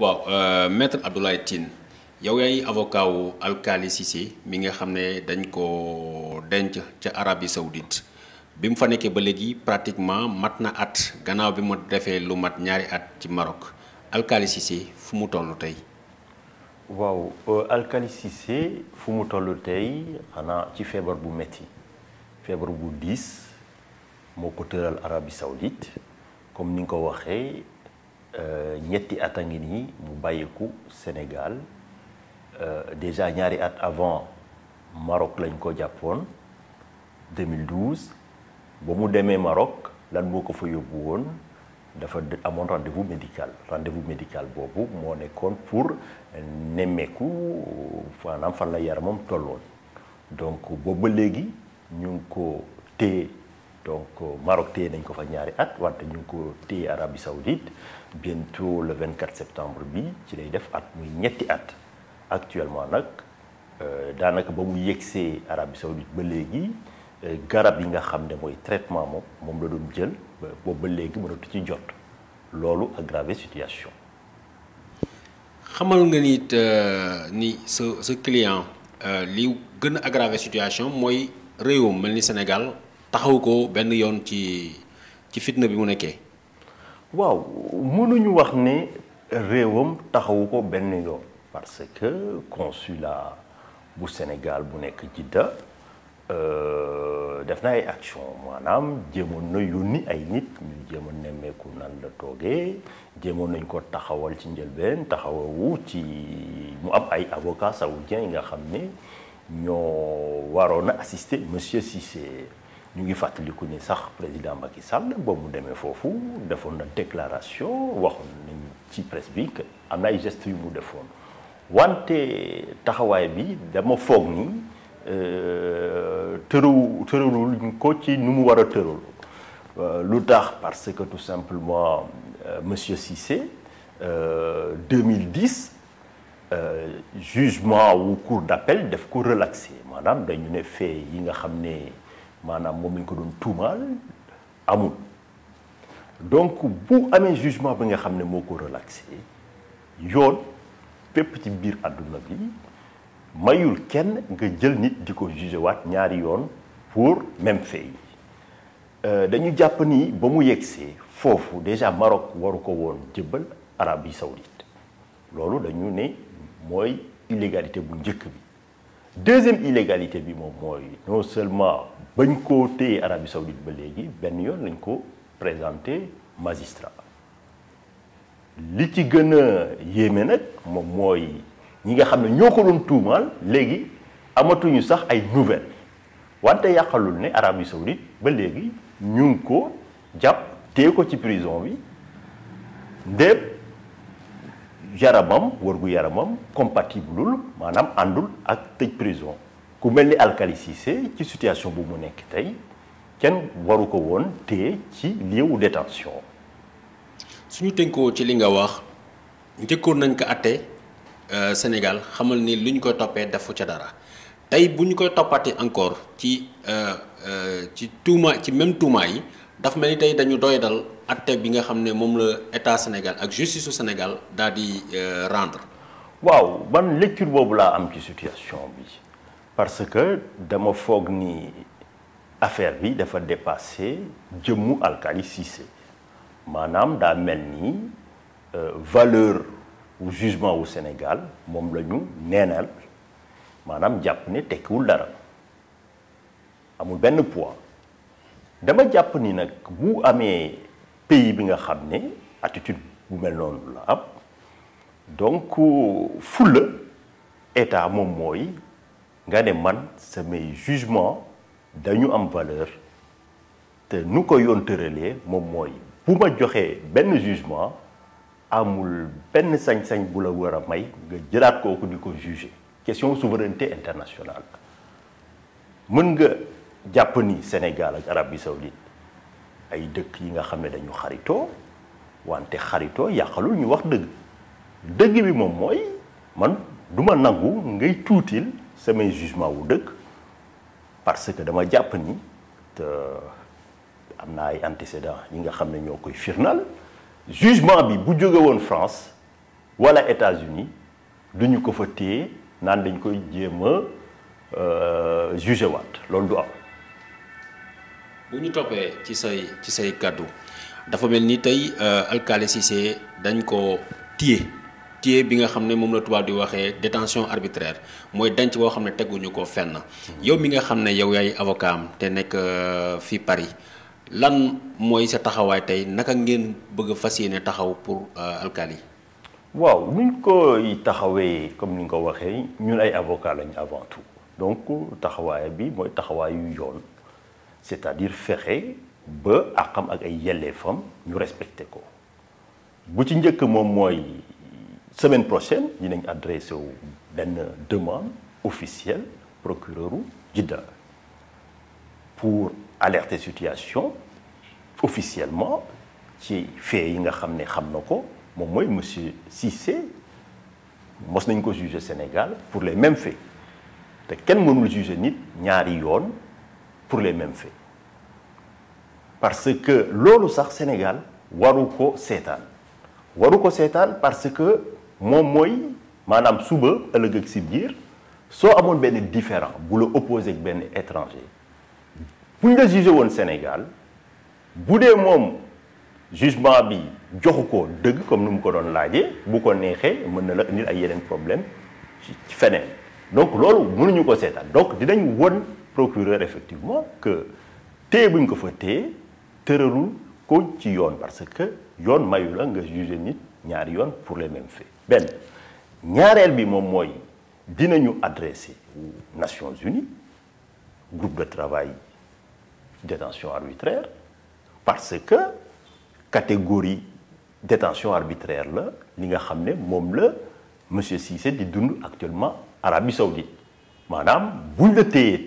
waaw euh, maître Abdoulaye Tine yow yaay avocat wu Alkali Cissé mi nga xam ne dañ ko denc ca Arabie Saoudite bi mu fa nekkee ba léegi pratiquement mat na at gannaaw bi mu defee lu mat ñaari at ci Maroc Alkali Wow, fu mu toll tey waaw euh, Alkali Cissé fu mu toll tey xanaa ci feebar bu metti feebar bu moo ko tëral Arabie Saoudite comme ni nga ko waxee Euh, ñetti at a ngi nii mu bàyyiku Sénégal euh, déjà ñaari at avant Maroc lañ ko jàppoon 2012 ba mu demee Maroc lan boo ko fa yóbbu woon dafa amoon rendez médical rendez médical boobu moo nekkoon pour nemmeeku maanaam fan la yaramam tolloon donc boobu ba léegi ñu ngi ko téye. donc Maroc téye nañ ko fa ñaari at wante ñu ko téye Arabie Saoudite bientôt le 24 septembre bi ci lay def at muy ñetti at actuellement nag euh, danaka ba mu yexé Arabie Saoudite ba légui euh, garab yi nga xamné moy traitement mom mom la doon jël bo ba léegi mënatu ci jot lolu aggraver situation. xamal nga nit ni ce euh, client li gën a aggravé situation moy réewam melni Sénégal taxaw ko benn yoon ci ci fitna bi mu nekkee. waaw mënuñu wax ne réewam taxawuko ko benn yoon. parce que consulat bu Sénégal bu nekk Jidda euh, def na ay action maanaam jéemoon na yónni ay nit ñu jéemoon nemmeeku nan la toogee jéemoon nañ ko taxawal ci njëlbeen taxawawu ci mu am ay avocat saoudien yi nga xam ne ñoo waroon a assister monsieur Cissé ñu ngi fàttaliku ni sax président Macky Sall nous mu demee foofu defoon na déclaration waxoon nañ ci presse bi que am na ay gestes yu mu defoon wante taxawaay bi dama foog euh, tëru tëralul nous ko ci nu mu war a euh, parce que tout simplement euh, monsieur Cissé 2010 euh, jugement ou cour d'appel daf ko relaxé Madame, dañu ne fait yi nga xam manam moom lañ ko tout mal amul donc bu un jugement bi nga xamné ne relaxé yoon ci pour bi mayul kenn nga jël nit pour même fait euh dañu japp ni ba mu déjà Maroc waru Arabie Saoudite dañu ne moy illégalité bu deuxième illégalité bi moom non seulement bagn koo Arabie Saoudite ba légui ben yon lañ ko présenter magistrat li ci gën a nak nag moom ñi nga xamné ñoko ñoo ko légui tuumaal léegi amatuñu sax ay nouvelles wante yàqalul né Arabie Saoudite ba légui ñu ko jàpp téye ko ci prison bi ndépp yaramam wërgu yaramam compatibleul manam andul ak tej prison ku melni ni Alkali Cissé ci situation bu mu nek tay ken waru ko woon ci lieu détention suñu tenko ci li nga wax njëkkoon nañ ko àtte euh, Sénégal xamal ni luñ ko topé dafu ci dara tay buñ ko topaté encore ci euh, euh, ci touma ci même touma yi daf mel ni tey dañu bi nga xam la Sénégal justice au Sénégal dadi di euh, rendre. waaw lecture boobu am situation parce que dama foog ni affaire bi dépassé euh, valeur ou jugement au Sénégal moom la ñu neenal maanaam jàpp ne tekkiwul poids dama jàpp ni nak bu amé pays bi nga xamné attitude bu mel non la am donc foule état mom moy nga né man mes jugements dañu am valeur té nu ko yoon tëralee moom mooy bu ben joxee jugement amul ben sañ-sañ bu la war may nga jëlaat kooku di juger question souveraineté internationale mën nga Japonie, Senegal, Sénégal Arabie Saoudite ay dëkk yi nga xamné dañu xarito wante xarito yàqalul ñu wax dëgg dëgg bi mom moy man duma nangu ngay tutil sama jugement wu dëkk parce que dama jàpp ni te amna ay antécédents yi nga xamné ñokoy firnal jugement bi bu jóge won France wala États-Unis duñu ko fa téye naan dañ koy jema euh juger lolou du buñu topé ci say ci say cadeau dafa melni tay tey euh, alkaali Cissé dañ ko tié tié bi nga xamné mom la tuba di waxé détention arbitraire moy danc bo xamné ne ko fenn hmm. yow mi nga xamné yow yaay avocat té nek euh, fi Paris lan moy sa taxaway tay naka ngeen bëgg fassiyéné taxaw pour euh, alkaali waaw nuñ koy taxawé comme ni ko waxé ñun ay avocat lañ avant tout donc taxaway bi moy taxaway yu yoon c'est-à-dire faire ba akam ak ay femme nous respecté ko bu ci semaine prochaine dinañ adressé demande officielle procureur pour alerter situation officiellement ci fait yi nga xamné ne xam na monsieur Sénégal pour les mêmes faits de kenn juger nit ñaari yoon pour les mêmes faits parce que lolo sax Sénégal Waruko ko Waruko waru parce que moom mooy maanaam Soube, ëllëg ak si soit soo différent bu le opposé ak étranger Pour la juger Sénégal bu dee jugement bi joxuko ko comme nous ko don laajee bu ko nexé meun na la indil ay yeneen problème ci feneen donc lolu meunuñu ko seetaan donc dinañ won procureur effectivement que té buñ ko fa té tëralul ko ci yoon parce que yoon mayu la nga juger nit ñaar pour les mêmes faits Ben, ñaareel bi mom moy dinañu adresser Nations Unies groupe de travail détention arbitraire parce que catégorie détention arbitraire la li nga xamné Sissé le monsieur Cissé di dund actuellement Arabie Saoudite Madame, buñ le téyee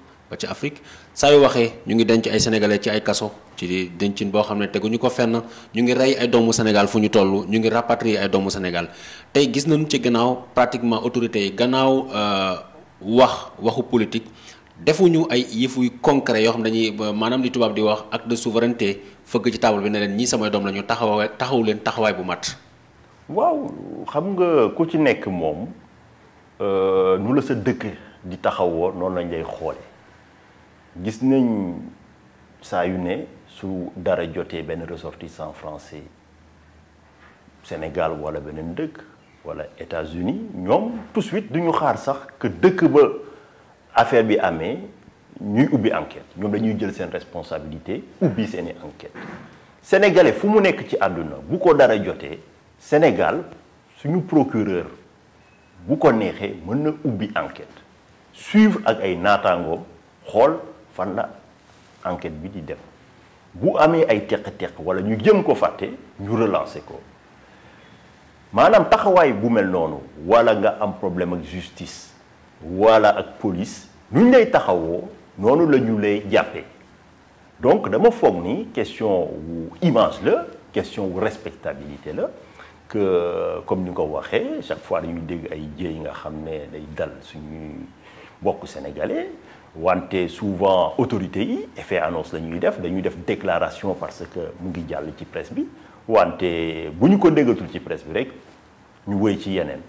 ba ci Afrique saa yu waxee ñu ngi denc ay sénégalais ci ay kaso ci dencin boo xam ne teguñu ko fenn ñu ngi rey ay doomu Sénégal fu ñu toll ñu ngi rapatrier ay doomu Sénégal tey gis nañu ci gannaaw pratiquement autorités yi gannaaw euh, wax waxu politique defuñu ay yëfu concret yoo xam dañuy maanaam li tubaab di wax acte de souveraineté fëgg ci table bi ne leen ñii samay doom la ñu taxaw leen taxawaay bu mat waaw xam nga ku ci nekk moom euh, nu la sa dëkk di taxawoo noonu lañ lay xoolee gis nañ saa yu ne su dara jotee benn ressortissant français Sénégal wala beneen dëkk wala États-Unis ñoom tout de suite duñu xaar sax que dëkk ba affaire bi amee ñuy ubbi enquête ñoom dañuy jël seen responsabilité ubbi seeni enquête sénégalais fu mu nekk ci àdduna bu ko dara jotee Sénégal suñu procureur bu ko neexee mën na ubbi enquête suivre ak ay naataangoom xool fan la enquête bi di dem bu amé ay téx téx wala ñu jëm ko faté ñu relancer ko manam taxaway bu mel noonu wala nga am problème ak justice wala ak police ñu lay taxawoo nonu la ñu lay jappé donc dama foog ni question wu image la question wu respectabilité la que comme ni nga ko waxee chaque fois dañuy dégg ay jéey nga xam ne day dal suñuy bokk sénégalais wanté souvent autorité yi fait annonce la def dañuy def déclaration parce que mu ngi jàll ci presse bi wanté buñ ko déggatul ci presse bi rek ñu wéy ci yenen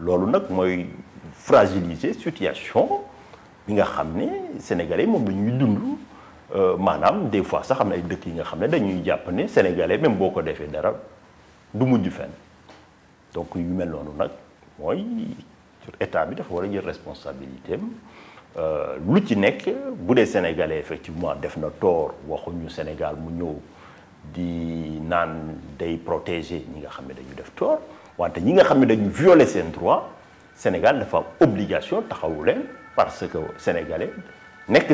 lolu nak moy fragiliser situation bi nga xamné sénégalais mom la ñuy euh manam des fois sax xamné ay dëkk yi nga xamné dañuy japp né sénégalais même boko défé dara du mujj fenn donc yu mel noonu nak moy état bi dafa war a jël responsabilité am euh, lu ci sénégalais effectivement def na tort waxuñu Sénégal mu ñëw di protéger ñi nga dañu def tort violer obligation parce que sénégalais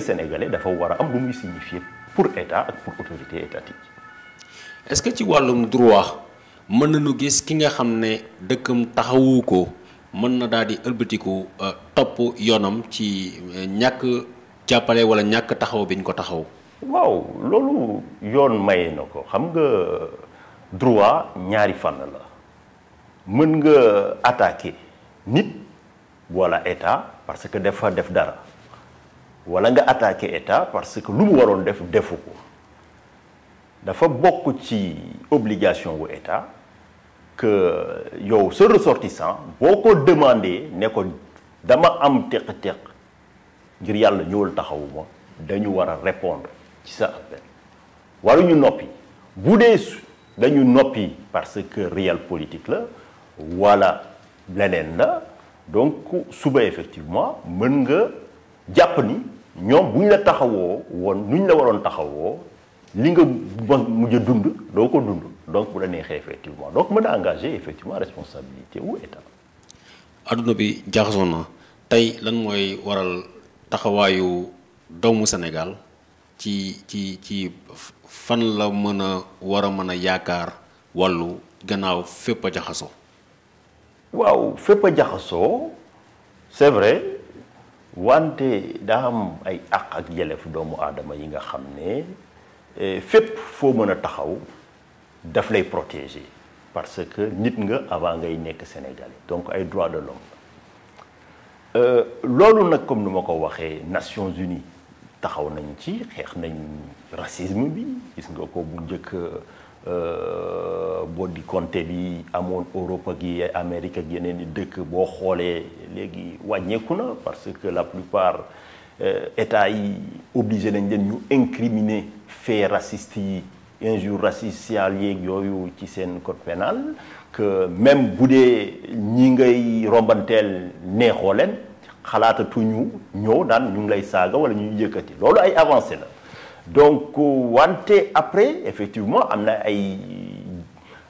sénégalais dafa wara am lu pour état ak pour autorité étatique. est-ce que ci walum droit le droit gis ki nga mën na daal di ëlbatiku euh, topp yoonam ci euh, ñàkk jàppale wala ñàkk taxaw biñ ko taxaw waaw loolu yoon maye na ko xam nga droit ñaari fànn la mën nga attaquer nit wala état parce que dafa def dara wala nga attaquer état parce que lu mu waroon def defu ko dafa bokk ci obligation wu état que yo ce ressortissant beaucoup demander demandé ne ko dama am teq-teq ngir yalla ñëwal taxawuma dañu wara répondre ci sa appel waruñu noppi bu dee dañu noppi parce que réel politique la wala leneen la donc suba effectivement meun nga japp ni ñom buñ la taxawoo won nuñ la waron taxawoo li nga mujj dund do ko dund donc bu la neexee effectivement donc mën a engagé effectivement responsabilité wu état. adduna bi jaxasoo tay lan moy waral taxawayu doomu Sénégal ci ci ci fan la meuna wara meuna yakar walu gannaaw fépp a waaw fépp a c'est vrai wante daa am ay ak ak yelef doomu adama yi nga xam ne eh, fépp foo mën taxaw daf lay protéger parce que nit nga avant ngay nek sénégalais donc ay droits de l'homme euh loolu nak comme ni ko waxé Nations Unies taxaw nañ ci xeex nañ racisme bi gis nga ko bu euh bo di compté bi amoon Europe ak amerika Amérique ak yeneen i dëkk boo xoolee léegi wàññeeku na parce que la plupart euh, états yi obligé nañ leen ñu incriminer fait raciste yi jour raciste si allié yooyu ci sen code pénal que même boudé ñi ngay rombanteel neexoo leen xalaatatuñu ñoo daan ñu lay saga wala ñu yëkkati lolu ay avancé la donc wante après effectivement amna ay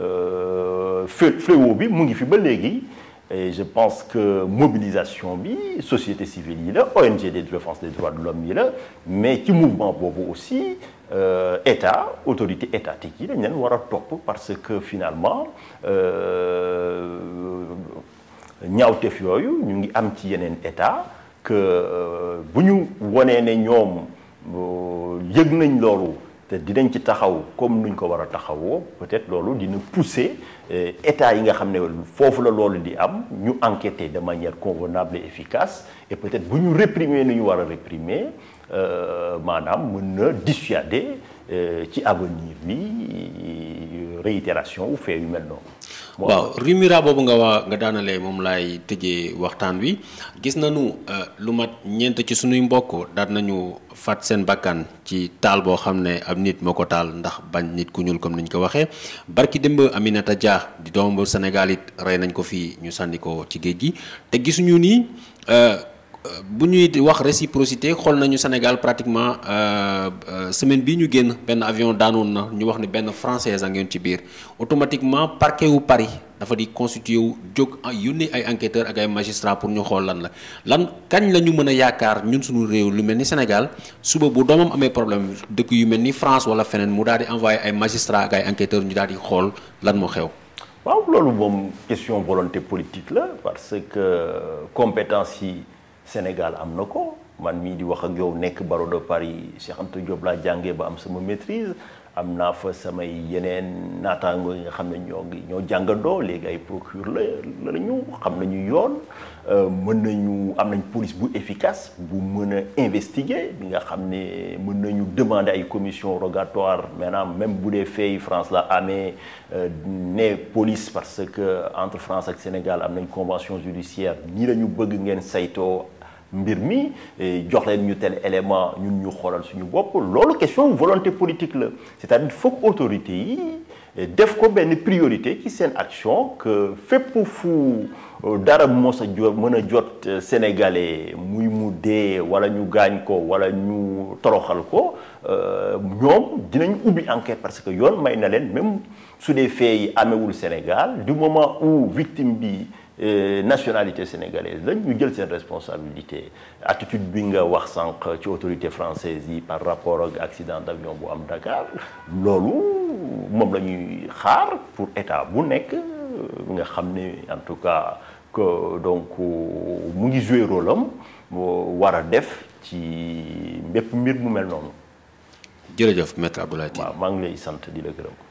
Euh, fléau et je pense que mobilisation bi société civile ONG de défense des droits de l'homme mais qui mouvement aussi euh, état autorité étatique parce que finalement nous avons un état que euh, te dinañ ci taxaw comme nuñ ko war taxawoo peut-être loolu nous pousser eh, état yi nga xam ne nous la loolu di am ñu enquêter de manière convenable et efficace et peut-être bu réprimer nu ñu war a réprimer euh, maanaam dissuader euh, ci avenir bi euh, réitération ou fait yu mel waaw Rimura boobu nga waa nga daanale moom laay tëjee waxtaan wi gis nañu euh, lu mat ñeent ci sunuy mbokk daan nañu faat seen bakkan ci taal boo xam ne ab nit moo ko taal ndax bañ nit ku ñuul comme ni ñu ko waxee barki démb Aminata Dia di doomu Sénégal rey nañ ko fii ñu sànni ko ci géej gi te gisuñu nii euh, bu ñuy wax réciprocité xool nañu Sénégal pratiquement euh, euh, semaine bi ñu génn benn avion daanoon na ñu wax ne benn française a ci biir automatiquement parquet wu Paris dafa di constituer wu jóg ah, yónnee ay enquêteur ak ay magistrat pour ñu xool lan la lan kañ la ñu mën a ñun suñu lu Sénégal suba bu doomam amee problème dëkk yu mel France wala feneen mu daal di envoyé ay magistrat ak ay enquêteur ñu daal di xool lan moo xew. waaw loolu moom question volonté politique la parce que compétence yi. Sénégal am na ko man mi di wax ak yow nek barreau de Paris Cheikh Anta Diop la jangé ba am sama maîtrise am naa fa sama yenen natango nga xamné ne ñoo ngi ñoo jàngandoo léegi ay procure la la ñu xam nañu yoon euh, mën nañu am nañ police bu efficace bu mën investiguer bi nga xamné ne mën nañu demander ay commission rogatoire Maintenant même bu dé fay France la amé euh, né police parce que entre France ak Sénégal am nañ convention judiciaire ni lañu bëgg ngeen sayto mbirmi jox leen tel élément question volonté politique c'est-à-dire qu'il autorité que eh, def ko une priorité ci action que fépp fu euh, dara mos a jot mën euh, sénégalais muy mu wala ñu ko wala ñu toroxal ko euh, dinañ enquête parce que yoon même les amewul Sénégal du moment où victime bi nationalité sénégalaise lañ ñu jël seen responsabilité attitude bi nga wax sank ci autorité française par rapport à accident d'avion bu am Dakar loolu mom lañuy xaar pour état bu nek nga xamné en tout cas que donc mu ngi joué rôle am wara def ci mbépp mbir mu mel noonu. jërëjëf maître Abdoulaye Wa waaw maa ngi lay sant di la gërëm.